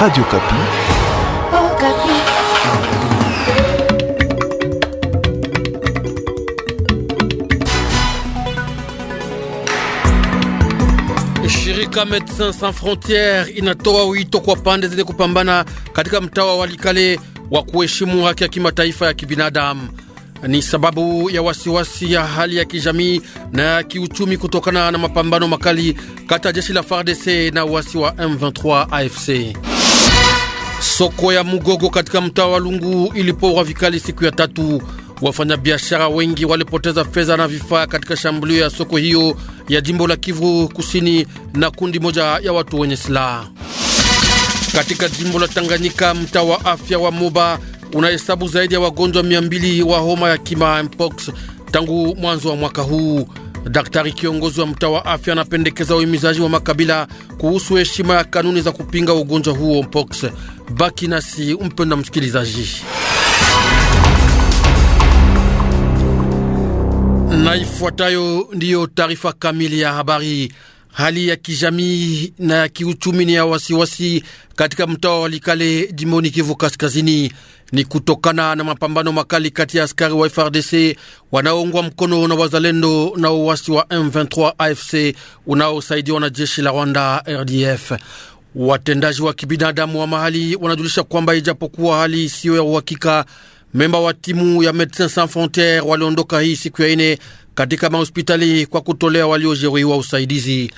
Radio Kapi. Oh, Kapi. Shirika Medecins Sans Frontieres inatoa wito kwa pande zenye kupambana katika mtaa wa Walikale wa kuheshimu haki ya kimataifa ya kibinadamu. Ni sababu ya wasiwasi ya hali ya kijamii na ya kiuchumi kutokana na mapambano makali kati ya jeshi la FARDC na uasi wa M23 AFC. Soko ya Mugogo katika mtaa wa Lungu iliporwa vikali siku ya tatu. Wafanyabiashara wengi walipoteza fedha na vifaa katika shambulio ya soko hiyo ya jimbo la Kivu Kusini na kundi moja ya watu wenye silaha. Katika jimbo la Tanganyika, mtaa wa afya wa Moba unahesabu zaidi ya wagonjwa mia wa homa ya kima mpox tangu mwanzo wa mwaka huu. Daktari kiongozi wa mtaa wa afya anapendekeza uhimizaji wa makabila kuhusu heshima ya kanuni za kupinga ugonjwa huo mpox. Baki nasi mpenda msikilizaji. Na ifuatayo ndiyo taarifa kamili ya habari. Hali ya kijamii na ya kiuchumi ni ya wasiwasi katika mtaa wa Likale jimboni Kivu Kaskazini. Ni kutokana na mapambano makali kati ya askari wa FRDC wanaoungwa mkono na wazalendo na uwasi wa M23 AFC unaosaidiwa na jeshi la Rwanda RDF. Watendaji wa kibinadamu wa mahali wanajulisha kwamba ijapokuwa hali isiyo ya uhakika Memba wa timu ya Medecins Sans Frontieres waliondoka hii siku ya ine katika mahospitali kwa kutolea waliojeruhiwa usaidizi.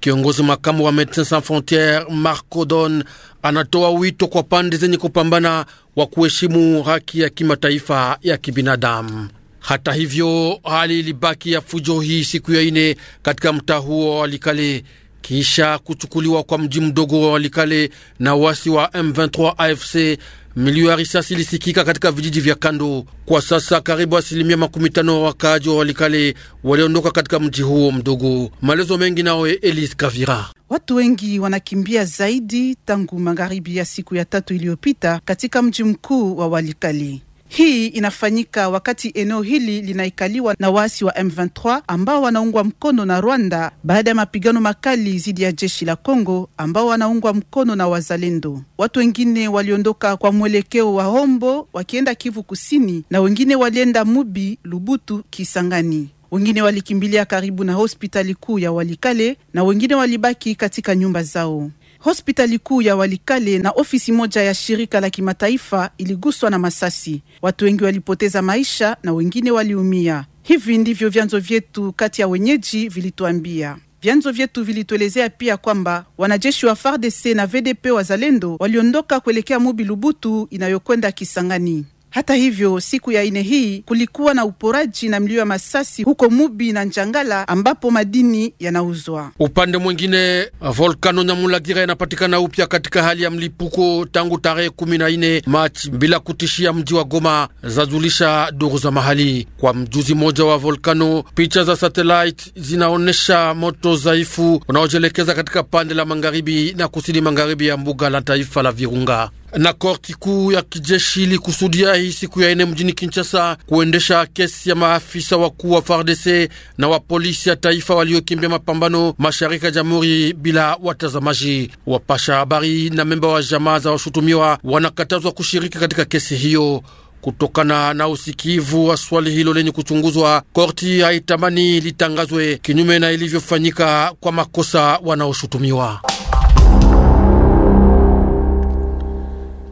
Kiongozi makamu wa Medecins Sans Frontieres Marco Don anatoa wito kwa pande zenye kupambana wa kuheshimu haki ya kimataifa ya kibinadamu. Hata hivyo, hali ilibaki ya fujo hii siku ya ine katika mtaa huo wa Walikale kisha kuchukuliwa kwa mji mdogo wa Walikale na wasi wa M23 AFC. Milio ya risasi ilisikika katika vijiji vya kando. Kwa sasa karibu asilimia makumi tano wa wakaaji wa Walikale waliondoka katika mji huo mdogo. Maelezo mengi nawe Elise Kavira. Watu wengi wanakimbia zaidi tangu magharibi ya siku ya tatu iliyopita katika mji mkuu wa Walikale. Hii inafanyika wakati eneo hili linaikaliwa na waasi wa M23 ambao wanaungwa mkono na Rwanda baada ya mapigano makali dhidi ya jeshi la Kongo ambao wanaungwa mkono na wazalendo. Watu wengine waliondoka kwa mwelekeo wa Hombo wakienda Kivu Kusini na wengine walienda Mubi, Lubutu, Kisangani. Wengine walikimbilia karibu na hospitali kuu ya Walikale na wengine walibaki katika nyumba zao. Hospitali kuu ya Walikale na ofisi moja ya shirika la kimataifa iliguswa na masasi. Watu wengi walipoteza maisha na wengine waliumia. Hivi ndivyo vyanzo vyetu kati ya wenyeji vilituambia. Vyanzo vyetu vilituelezea pia kwamba wanajeshi wa FARDC na VDP wazalendo waliondoka kuelekea Mubi Lubutu inayokwenda Kisangani. Hata hivyo, siku ya ine hii kulikuwa na uporaji na mlio ya masasi huko Mubi na Njangala ambapo madini yanauzwa. Upande mwingine, volkano Nyamulagira inapatikana upya katika hali ya mlipuko tangu tarehe ine Machi bila kutishia mji wa Goma, zazulisha duru za mahali. Kwa mjuzi moja wa volkano, picha za satellite zinaonesha moto dhaifu unaojelekeza katika pande la magharibi na kusini magharibi ya mbuga la taifa la Virunga na korti kuu ya kijeshi ilikusudia hii siku ya ine mjini Kinshasa kuendesha kesi ya maafisa wakuu wa FARDC na wa polisi ya taifa waliokimbia mapambano mashariki ya jamhuri bila watazamaji. Wapasha habari na memba wa jamaa za washutumiwa wanakatazwa kushiriki katika kesi hiyo. Kutokana na usikivu wa swali hilo lenye kuchunguzwa, korti haitamani litangazwe kinyume na ilivyofanyika kwa makosa wanaoshutumiwa.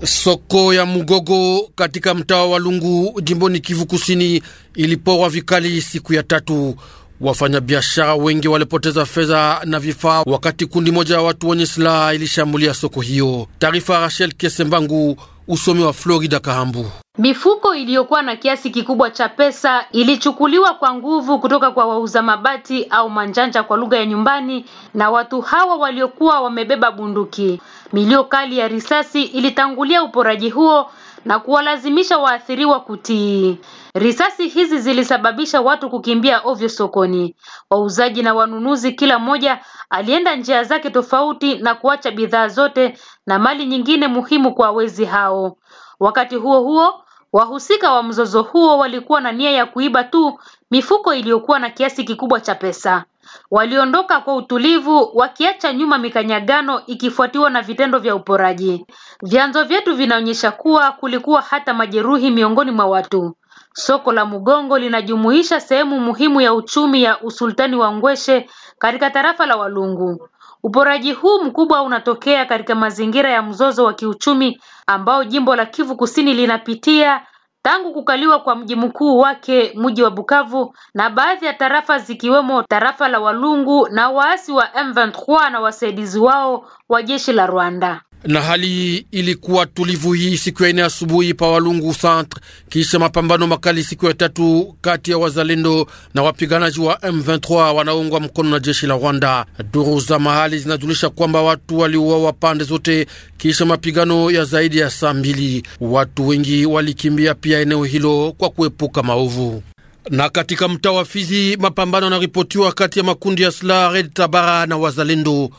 Soko ya Mugogo katika mtaa wa Lungu jimboni Kivu Kusini iliporwa vikali siku ya tatu. Wafanyabiashara wengi walipoteza fedha na vifaa, wakati kundi moja ya watu wenye silaha ilishambulia soko hiyo. Taarifa Rachel Kesembangu, usomi wa Florida Kahambu. Mifuko iliyokuwa na kiasi kikubwa cha pesa ilichukuliwa kwa nguvu kutoka kwa wauza mabati au manjanja kwa lugha ya nyumbani na watu hawa waliokuwa wamebeba bunduki. Milio kali ya risasi ilitangulia uporaji huo na kuwalazimisha waathiriwa kutii. Risasi hizi zilisababisha watu kukimbia ovyo sokoni. Wauzaji na wanunuzi kila mmoja alienda njia zake tofauti na kuacha bidhaa zote na mali nyingine muhimu kwa wezi hao. Wakati huo huo Wahusika wa mzozo huo walikuwa na nia ya kuiba tu mifuko iliyokuwa na kiasi kikubwa cha pesa. Waliondoka kwa utulivu wakiacha nyuma mikanyagano ikifuatiwa na vitendo vya uporaji. Vyanzo vyetu vinaonyesha kuwa kulikuwa hata majeruhi miongoni mwa watu. Soko la Mugongo linajumuisha sehemu muhimu ya uchumi ya usultani wa Ngweshe katika tarafa la Walungu. Uporaji huu mkubwa unatokea katika mazingira ya mzozo wa kiuchumi ambao jimbo la Kivu Kusini linapitia tangu kukaliwa kwa mji mkuu wake mji wa Bukavu na baadhi ya tarafa zikiwemo tarafa la Walungu na waasi wa M23 na wasaidizi wao wa jeshi la Rwanda na hali ilikuwa tulivu hii siku ya ine asubuhi pa Walungu Centre, kisha mapambano makali siku ya tatu kati ya wazalendo na wapiganaji wa M23 wanaungwa mkono na jeshi la Rwanda. Duru za mahali zinajulisha kwamba watu waliuawa pande zote kisha mapigano ya zaidi ya saa mbili. Watu wengi walikimbia pia eneo hilo kwa kuepuka maovu na katika mtaa wa Fizi mapambano yanaripotiwa kati ya makundi ya silaha Red Tabara na wazalendo.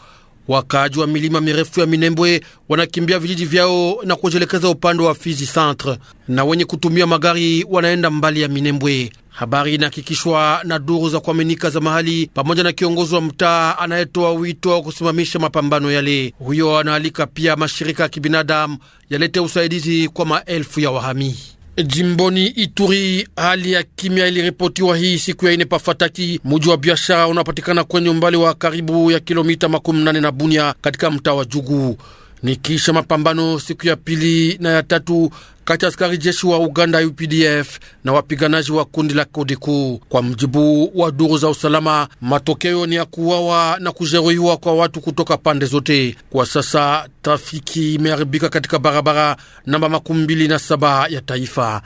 Wakaaji wa milima mirefu ya Minembwe wanakimbia vijiji vyao na kujelekeza upande wa Fizi Centre, na wenye kutumia magari wanaenda mbali ya Minembwe. Habari inahakikishwa na duru za kuaminika za mahali pamoja na kiongozi wa mtaa anayetoa wito wa kusimamisha mapambano yale. Huyo anaalika pia mashirika ya kibinadamu yalete usaidizi kwa maelfu ya wahamii Jimboni Ituri, hali ya kimya iliripotiwa hii siku ya ine Pafataki, muji wa biashara unapatikana kwenye umbali wa karibu ya kilomita makumi nane na Bunia katika mtaa wa Jugu ni kisha mapambano siku ya pili na ya tatu kati ya askari jeshi wa Uganda UPDF na wapiganaji wa kundi la Kodiku. Kwa mjibu wa duru za usalama, matokeo ni ya kuwawa na kujeruhiwa kwa watu kutoka pande zote. Kwa sasa trafiki imeharibika katika barabara namba makumi mbili na saba ya taifa.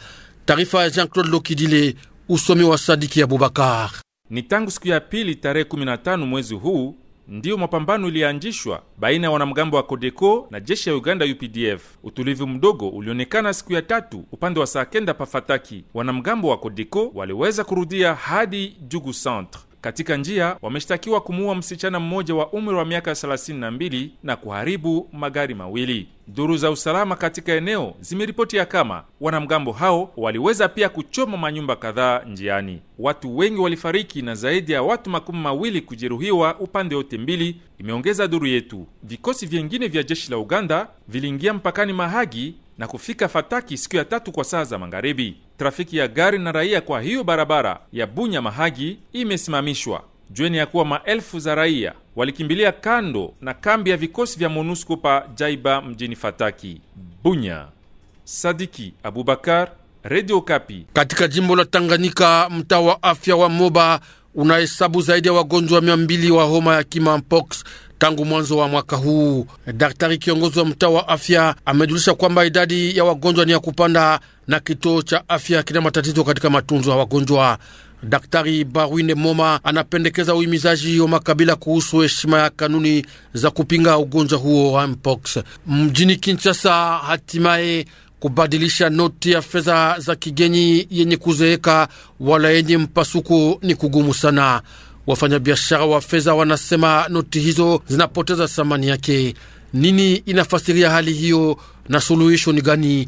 Taarifa ya Jean-Claude Lokidile, usomi wa Sadiki Abubakar. Ni tangu siku ya pili tarehe 15 mwezi huu ndiyo mapambano ilianjishwa baina ya wanamgambo wa Kodeko na jeshi ya Uganda UPDF. Utulivu mdogo ulionekana siku ya tatu upande wa saa kenda pafataki wanamgambo wa Kodeko waliweza kurudia hadi Jugu Centre. Katika njia wameshtakiwa kumuua msichana mmoja wa umri wa miaka 32 na kuharibu magari mawili. Duru za usalama katika eneo zimeripoti ya kama wanamgambo hao waliweza pia kuchoma manyumba kadhaa njiani. Watu wengi walifariki na zaidi ya watu makumi mawili kujeruhiwa upande wote mbili, imeongeza duru yetu. Vikosi vyengine vya jeshi la Uganda viliingia mpakani Mahagi na kufika Fataki siku ya tatu kwa saa za magharibi trafiki ya gari na raia kwa hiyo barabara ya Bunya Mahagi imesimamishwa. jweni ya kuwa maelfu za raia walikimbilia kando na kambi ya vikosi vya MONUSCO pa Jaiba mjini Fataki. Bunya, Sadiki Abubakar, redio Kapi. Katika jimbo la Tanganyika, mtaa wa afya wa Moba unahesabu zaidi ya wagonjwa mia mbili wa homa ya kimpox tangu mwanzo wa mwaka huu. Daktari kiongozi wa mtaa wa afya amejulisha kwamba idadi ya wagonjwa ni ya kupanda na kituo cha afya kina matatizo katika matunzo ya wagonjwa. Daktari Barwine Moma anapendekeza uhimizaji wa makabila kuhusu heshima ya kanuni za kupinga ugonjwa huo wa mpox. Mjini Kinshasa, hatimaye kubadilisha noti ya fedha za kigeni yenye kuzeeka wala yenye mpasuko ni kugumu sana. Wafanyabiashara wa fedha wanasema noti hizo zinapoteza thamani yake. Nini inafasiria hali hiyo na suluhisho ni gani?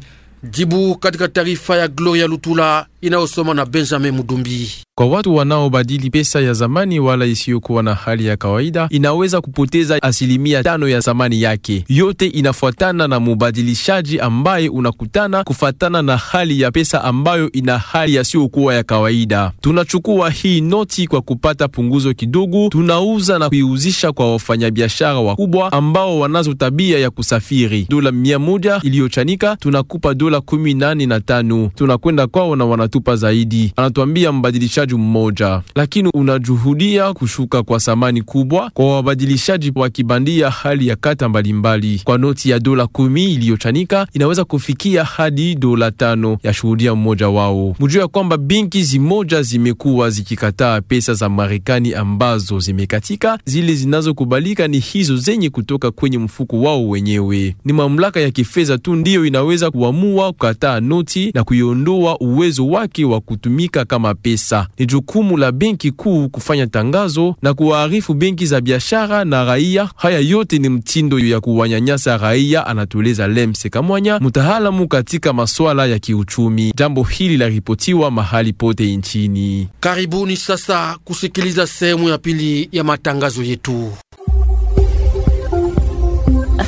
Jibu katika taarifa ya Gloria Lutula inayosoma na Benjamin Mudumbi. Kwa watu wanaobadili pesa ya zamani wala isiyokuwa na hali ya kawaida, inaweza kupoteza asilimia tano ya zamani yake. Yote inafuatana na mubadilishaji ambaye unakutana kufuatana na hali ya pesa ambayo ina hali yasiyokuwa ya kawaida. Tunachukua hii noti kwa kupata punguzo kidogo, tunauza na kuiuzisha kwa wafanyabiashara wakubwa ambao wanazo tabia ya kusafiri. Dola mia moja iliyochanika tunakupa dola kumi nane na tano tunakwenda kwao na wana anatupa zaidi, anatuambia mbadilishaji mmoja, lakini unajuhudia kushuka kwa thamani kubwa kwa wabadilishaji wakibandia hali ya kata mbalimbali mbali. Kwa noti ya dola kumi iliyochanika inaweza kufikia hadi dola tano ya shuhudia mmoja wao. Mjua ya kwamba benki zimoja zimekuwa zikikataa pesa za Marekani ambazo zimekatika, zile zinazokubalika ni hizo zenye kutoka kwenye mfuko wao wenyewe. Ni mamlaka ya kifedha tu ndiyo inaweza kuamua kukataa noti na kuiondoa uwezo wa wake wa kutumika kama pesa. Ni jukumu la benki kuu kufanya tangazo na kuwaarifu benki za biashara na raia. Haya yote ni mtindo ya kuwanyanyasa raia, anatueleza Lemse Kamwanya, mtaalamu katika masuala ya kiuchumi. Jambo hili ripotiwa mahali pote nchini. Karibuni sasa kusikiliza sehemu ya pili ya matangazo yetu.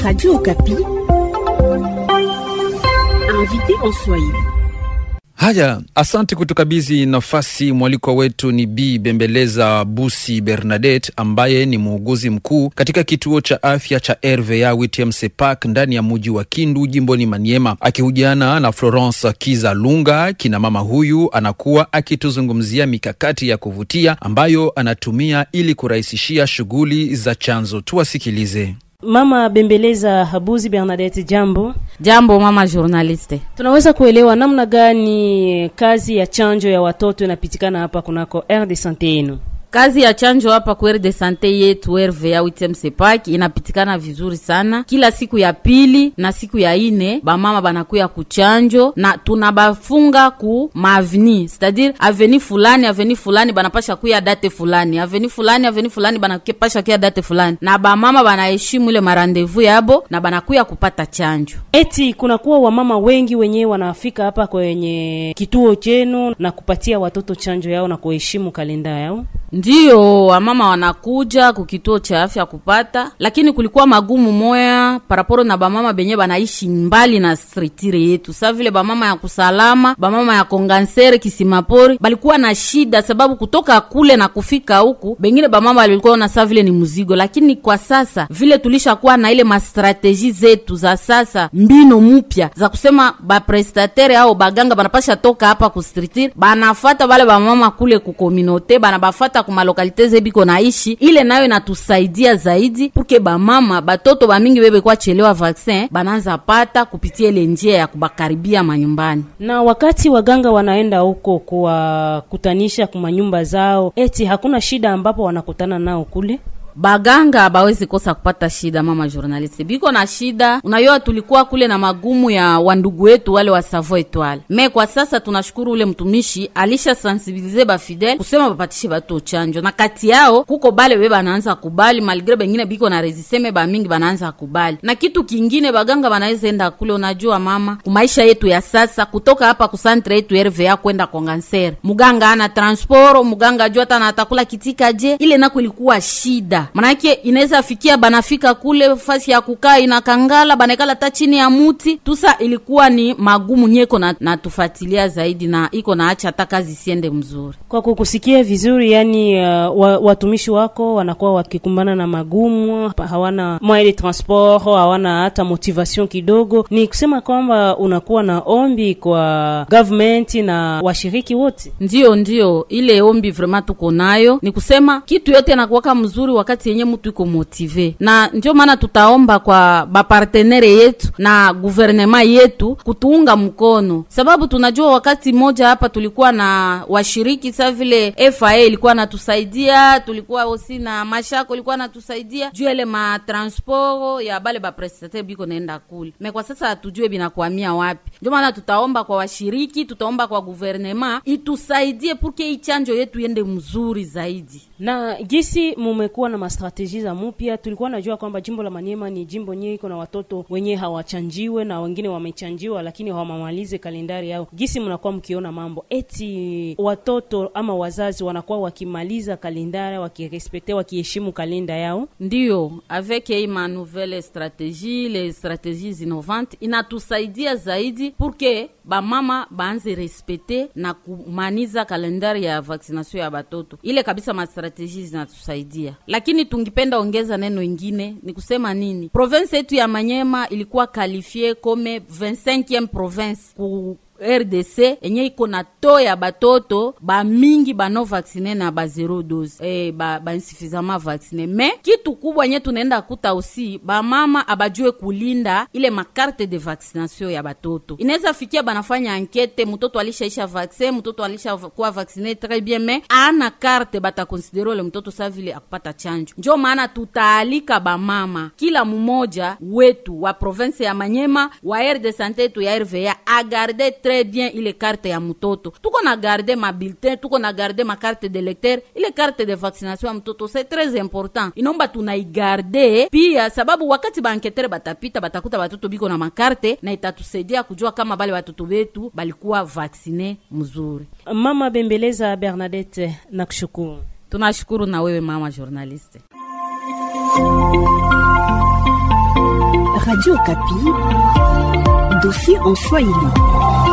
Radio Okapi, invité en Swahili. Haya, asante kutukabidhi nafasi. Mwalikwa wetu ni B Bembeleza Busi Bernadet, ambaye ni muuguzi mkuu katika kituo cha afya cha RVA Witemse Park ndani ya muji wa Kindu, jimboni Maniema, akihujiana na Florence Kiza Lunga. Kina mama huyu anakuwa akituzungumzia mikakati ya kuvutia ambayo anatumia ili kurahisishia shughuli za chanzo. Tuwasikilize. Mama Bembeleza Habuzi bernadet jambo. Jambo mama journaliste, tunaweza kuelewa namna gani eh, kazi ya chanjo ya watoto inapitikana hapa kunako aire de sante yenu? Kazi ya chanjo hapa ku de sante yetu ya 8 park inapitikana vizuri sana kila siku ya pili na siku ya ine, bamama banakuya kuchanjo na tunabafunga ku maaveni, cetadire aveni fulani aveni fulani banapasha kuya date fulani, aveni fulani aveni fulani banapasha kuya date fulani, na bamama banaheshimu ile marandevu yabo na banakuya kupata chanjo. Eti kunakuwa wamama wengi wenyewe wanafika hapa kwenye kituo chenu na kupatia watoto chanjo yao na kuheshimu kalenda yao. Ndiyo wamama wanakuja kukituo cha afya kupata, lakini kulikuwa magumu moya paraporo na bamama benye banaishi mbali na stritire yetu, sa vile bamama ya kusalama, bamama ya kongansere kisimapori balikuwa na shida, sababu kutoka kule na kufika huku bengine bamama walikuwa na sa vile ni mzigo. Lakini kwa sasa vile tulishakuwa na ile mastrategi zetu za sasa, mbinu mpya za kusema baprestatere au baganga banapasha toka hapa kustritire, banafata bale bamama kule kukominote, banabafata kumalokalite zebiko naishi, ile nayo inatusaidia zaidi puke bamama batoto bamingi bebekwa chelewa vaksin bananza pata kupitia ile njia ya kubakaribia manyumbani. Na wakati waganga wanaenda huko kuwakutanisha kumanyumba zao, eti hakuna shida ambapo wanakutana nao kule baganga bawezi kosa kupata shida. Mama journaliste, biko na shida, unayoa tulikuwa kule na magumu ya wandugu wetu wale wa Savo Etoile, me kwa sasa tunashukuru ule mtumishi alisha sensibilize ba fidele kusema bapatishe batu chanjo, na kati yao kuko bale be banaanza kubali, malgre bengine biko na reziseme ba mingi banaanza kubali. Na kitu kingine baganga banaweza enda kule, unajua mama, kumaisha yetu ya sasa, kutoka hapa kusantre yetu RVA kwenda kongansere, muganga ana transporo, muganga jua tana atakula kitikaje, ile nako ilikuwa shida manake inaweza fikia banafika kule fasi ya kukaa inakangala, banaekala ta chini ya muti tusa. Ilikuwa ni magumu nyeko na, na tufatilia zaidi na iko na acha hata kazi siende mzuri. Kwa kukusikia vizuri, yani uh, watumishi wako wanakuwa wakikumbana na magumu, hawana moyen de transport, hawana hata motivation kidogo. Ni kusema kwamba unakuwa na ombi kwa government na washiriki wote? ndio ndio ile ombi vraiment tuko nayo ni kusema kitu yote nakuwaka mzuri wakati wakati yenye mtu iko motive, na ndio maana tutaomba kwa bapartenere yetu na guvernema yetu kutuunga mkono, sababu tunajua wakati moja hapa tulikuwa na washiriki sa vile FA ilikuwa natusaidia, tulikuwa osi na mashako ilikuwa natusaidia juu ele matransporo ya bale baprestataire biko naenda kule me, kwa sasa hatujue binakuamia wapi. Ndio maana tutaomba kwa washiriki, tutaomba kwa guvernema itusaidie purke ichanjo yetu yende mzuri zaidi na gisi mumekuwa na mastrategi za mupya, tulikuwa najua kwamba jimbo la Maniema ni jimbo nye iko na watoto wenye hawachanjiwe na wengine wamechanjiwa, lakini hawamamalize kalendari yao. Gisi mnakuwa mkiona mambo eti watoto ama wazazi wanakuwa wakimaliza kalendari, wakirespekte, wakiheshimu kalenda yao. Ndiyo, avec hii ma nouvelle strategie, les strategies innovantes inatusaidia zaidi purke bamama baanze respecte na kumaniza kalendari ya vaccination ya batoto ile kabisa strateji zinatusaidia, lakini tungipenda ongeza neno ingine, ni kusema nini, province yetu ya Manyema ilikuwa kalifie kome 25e province ku RDC enye iko na to ya batoto bamingi bano vaksine na ba zero dose eh, ba, ba insuffisama vaksine me kitu kubwa nye tunaenda kuta osi bamama abajue kulinda ile makarte de vaksination ya batoto. Inaweza fikia banafanya ankete, mtoto alishaisha vaccin mtoto alisha kuwa vaksine tres bien, me ana karte batakonsidere ule mtoto sa akupata chanjo. Njo maana tutaalika bamama kila mumoja wetu wa province ya Manyema wa aire de sante tu ya RVA agarde très bien ile karte ya mtoto. Tuko na garde ma bulletin, tuko na garde ma de d'électeur, ile karte de vaccination ya mtoto c'est très important. Inomba tunaigarde pia euh, sababu wakati ba banketere batapita batakuta batoto biko na makarte na itatusaidia kujua kama bale batoto betu balikuwa vaksine mzuri. Mama Bembeleza Bernadette, nakushukuru. Tunashukuru na wewe mama journaliste. Radio Kapi, dossier en Swahili.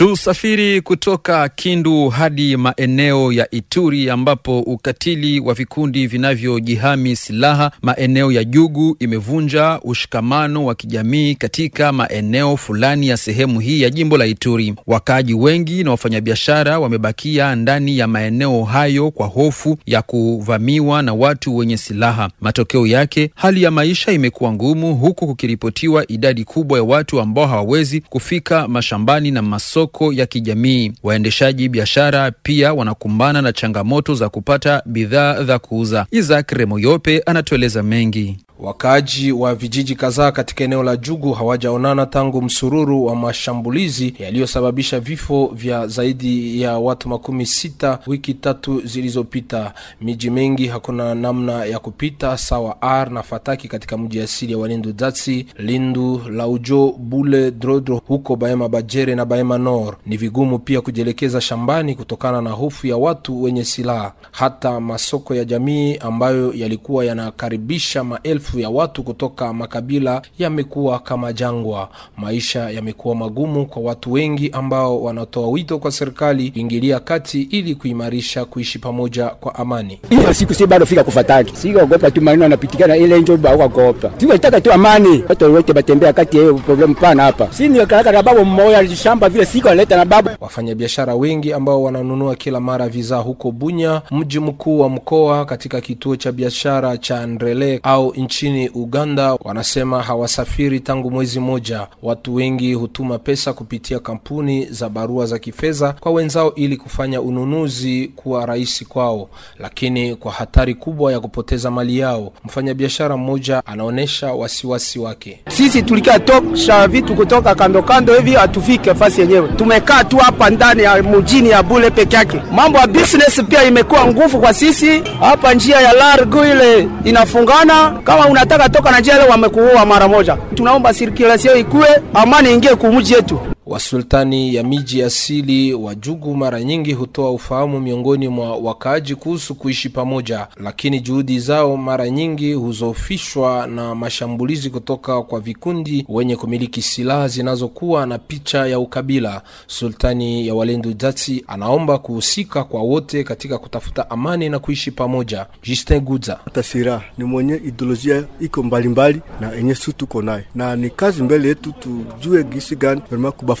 Tusafiri kutoka Kindu hadi maeneo ya Ituri ambapo ukatili wa vikundi vinavyojihami silaha maeneo ya Jugu imevunja ushikamano wa kijamii katika maeneo fulani ya sehemu hii ya jimbo la Ituri. Wakaaji wengi na wafanyabiashara wamebakia ndani ya maeneo hayo kwa hofu ya kuvamiwa na watu wenye silaha. Matokeo yake, hali ya maisha imekuwa ngumu, huku kukiripotiwa idadi kubwa ya watu ambao hawawezi kufika mashambani na masoko masoko ya kijamii. Waendeshaji biashara pia wanakumbana na changamoto za kupata bidhaa za kuuza. Isaac Remoyope anatueleza mengi. Wakaaji wa vijiji kadhaa katika eneo la Jugu hawajaonana tangu msururu wa mashambulizi yaliyosababisha vifo vya zaidi ya watu makumi sita wiki tatu zilizopita. Miji mengi hakuna namna ya kupita sawa R na Fataki katika mji asili ya walindu Datsi, Lindu, Laujo, Bule, Drodro huko Baema Bajere na Baema Nor. Ni vigumu pia kujielekeza shambani kutokana na hofu ya watu wenye silaha. Hata masoko ya jamii ambayo yalikuwa yanakaribisha maelfu maelfu ya watu kutoka makabila yamekuwa kama jangwa. Maisha yamekuwa magumu kwa watu wengi, ambao wanatoa wito kwa serikali kuingilia kati ili kuimarisha kuishi pamoja kwa amani. Hiyo siku si bado fika kufataki sikaogopa tu maneno yanapitikana ile njo bawakopa sikataka tu amani, watu wote batembea kati ya hiyo problem pana hapa si ni karaka na babu mmoja alishamba vile siku analeta na babu. Wafanyabiashara wengi ambao wananunua kila mara viza huko Bunya, mji mkuu wa mkoa, katika kituo cha biashara cha Ndrele au nchi nchini Uganda wanasema hawasafiri tangu mwezi mmoja. Watu wengi hutuma pesa kupitia kampuni za barua za kifedha kwa wenzao ili kufanya ununuzi kuwa rahisi kwao, lakini kwa hatari kubwa ya kupoteza mali yao. Mfanyabiashara mmoja anaonyesha wasiwasi wake. Sisi tulikatosha vitu kutoka kando kando hivi, hatufike fasi yenyewe, tumekaa tu hapa ndani ya mjini ya bule peke yake. Mambo ya business pia imekuwa nguvu kwa sisi hapa, njia ya largo ile inafungana kama unataka toka na jela, wamekuua mara moja. Tunaomba sirkulasio ikue, amani ingie kumuji yetu. Wasultani ya miji asili wa Jugu mara nyingi hutoa ufahamu miongoni mwa wakaaji kuhusu kuishi pamoja, lakini juhudi zao mara nyingi huzofishwa na mashambulizi kutoka kwa vikundi wenye kumiliki silaha zinazokuwa na picha ya ukabila. Sultani ya Walendu Dzatsi anaomba kuhusika kwa wote katika kutafuta amani na kuishi pamoja. Justin Guza Tasira ni mwenye ideolojia iko mbalimbali na enye su tuko naye na ni kazi mbele yetu tujue gisi gani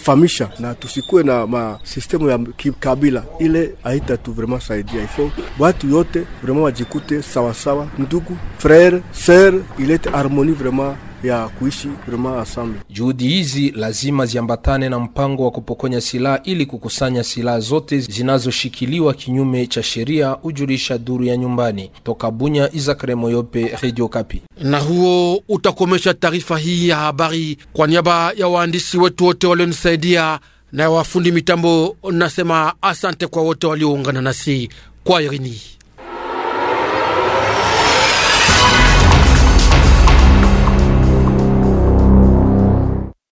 kufahamisha na tusikuwe na masistemu ya kikabila, ile haita tu vraiment saidia. Ifo watu yote vraiment wajikute sawasawa, ndugu frere ser, ilete harmoni vraiment ya kuishi vraiment ensemble. Juhudi hizi lazima ziambatane na mpango wa kupokonya silaha ili kukusanya silaha zote zinazoshikiliwa kinyume cha sheria, hujulisha duru ya nyumbani toka Bunya. Izakare Moyope, Radio Kapi. Na huo utakomesha taarifa hii ya habari. Kwa niaba ya waandishi wetu wote walionisaidia na wafundi mitambo, nasema asante kwa wote walioungana nasi kwa irini.